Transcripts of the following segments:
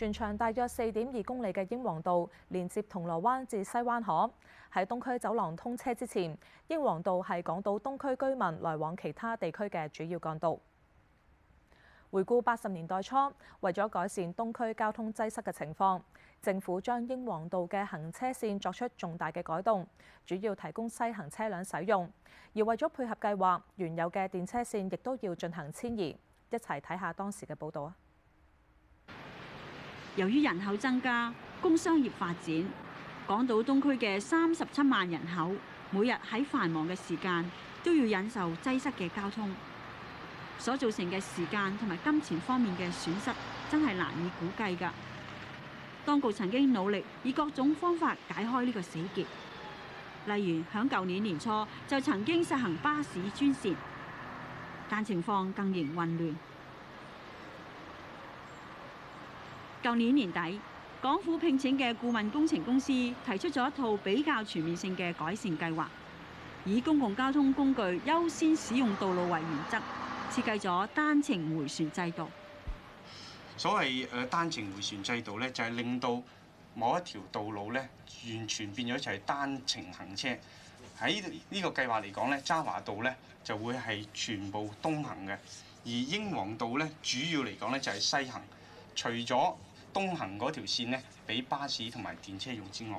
全長大約四點二公里嘅英皇道，連接銅鑼灣至西灣河。喺東區走廊通車之前，英皇道係港島東區居民來往其他地區嘅主要幹道。回顧八十年代初，為咗改善東區交通擠塞嘅情況，政府將英皇道嘅行車線作出重大嘅改動，主要提供西行車輛使用。而為咗配合計劃，原有嘅電車線亦都要進行遷移。一齊睇下當時嘅報導啊！由於人口增加、工商業發展，港島東區嘅三十七萬人口，每日喺繁忙嘅時間都要忍受擠塞嘅交通，所造成嘅時間同埋金錢方面嘅損失，真係難以估計㗎。當局曾經努力以各種方法解開呢個死結，例如響舊年年初就曾經實行巴士專線，但情況更形混亂。舊年年底，港府聘請嘅顧問工程公司提出咗一套比較全面性嘅改善計劃，以公共交通工具優先使用道路為原則，設計咗單程迴旋制度。所謂誒，單程迴旋制度咧，就係令到某一條道路咧，完全變咗一齊單程行車。喺呢個計劃嚟講咧，渣華道咧，就會係全部東行嘅，而英皇道咧，主要嚟講咧，就係西行，除咗東行嗰條線呢，俾巴士同埋電車用之外，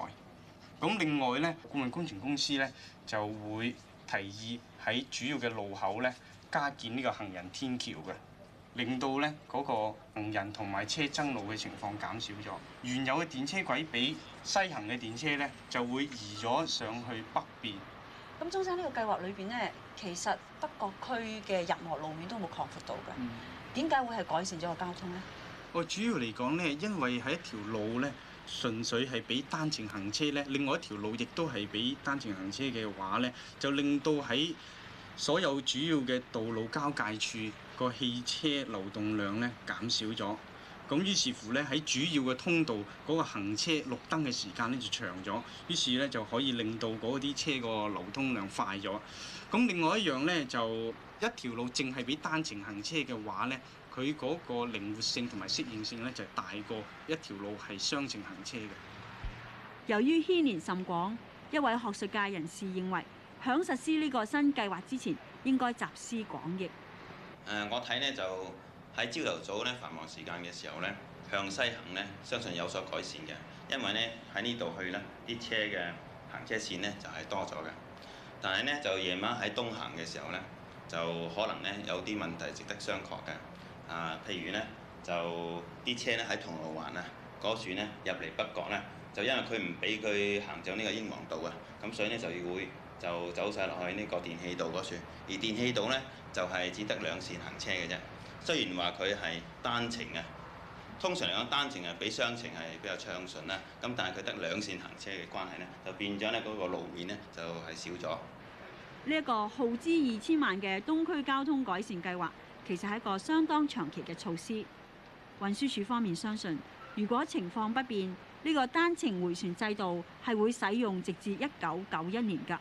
咁另外呢，顧問工程公司呢，就會提議喺主要嘅路口呢，加建呢個行人天橋嘅，令到呢嗰、嗰個行人同埋車爭路嘅情況減少咗。原有嘅電車軌俾西行嘅電車呢，就會移咗上去北邊。咁中山呢個計劃裏邊呢，其實北角區嘅任何路面都冇擴闊到㗎，點解、嗯、會係改善咗個交通呢？我主要嚟講呢，因為係一條路呢，純粹係俾單程行車呢；另外一條路亦都係俾單程行車嘅話呢，就令到喺所有主要嘅道路交界處嘅汽車流動量呢，減少咗。咁於是乎咧，喺主要嘅通道嗰個行車綠燈嘅時間咧就長咗，於是咧就可以令到嗰啲車個流通量快咗。咁另外一樣咧，就一條路淨係比單程行車嘅話咧，佢嗰個靈活性同埋適應性咧就大過一條路係雙程行車嘅。由於牽連甚廣，一位學術界人士認為，響實施呢個新計劃之前，應該集思廣益。誒、呃，我睇咧就。喺朝頭早咧繁忙時間嘅時候咧，向西行咧，相信有所改善嘅，因為咧喺呢度去咧，啲車嘅行車線咧就係多咗嘅。但係咧就夜晚喺東行嘅時候咧，就可能咧有啲問題值得商榷嘅。啊，譬如咧就啲車咧喺銅鑼灣啊嗰處咧入嚟北角咧，就因為佢唔俾佢行走呢個英皇道啊，咁所以咧就要會。就走晒落去呢個電氣道嗰處，而電氣道呢，就係只得兩線行車嘅啫。雖然話佢係單程呀，通常嚟講單程係比雙程係比較暢順啦。咁但係佢得兩線行車嘅關係呢，就變咗呢嗰個路面呢，就係少咗呢。一個耗資二千萬嘅東區交通改善計劃，其實係一個相當長期嘅措施。運輸署方面相信，如果情況不變，呢個單程回旋制度係會使用直至一九九一年㗎。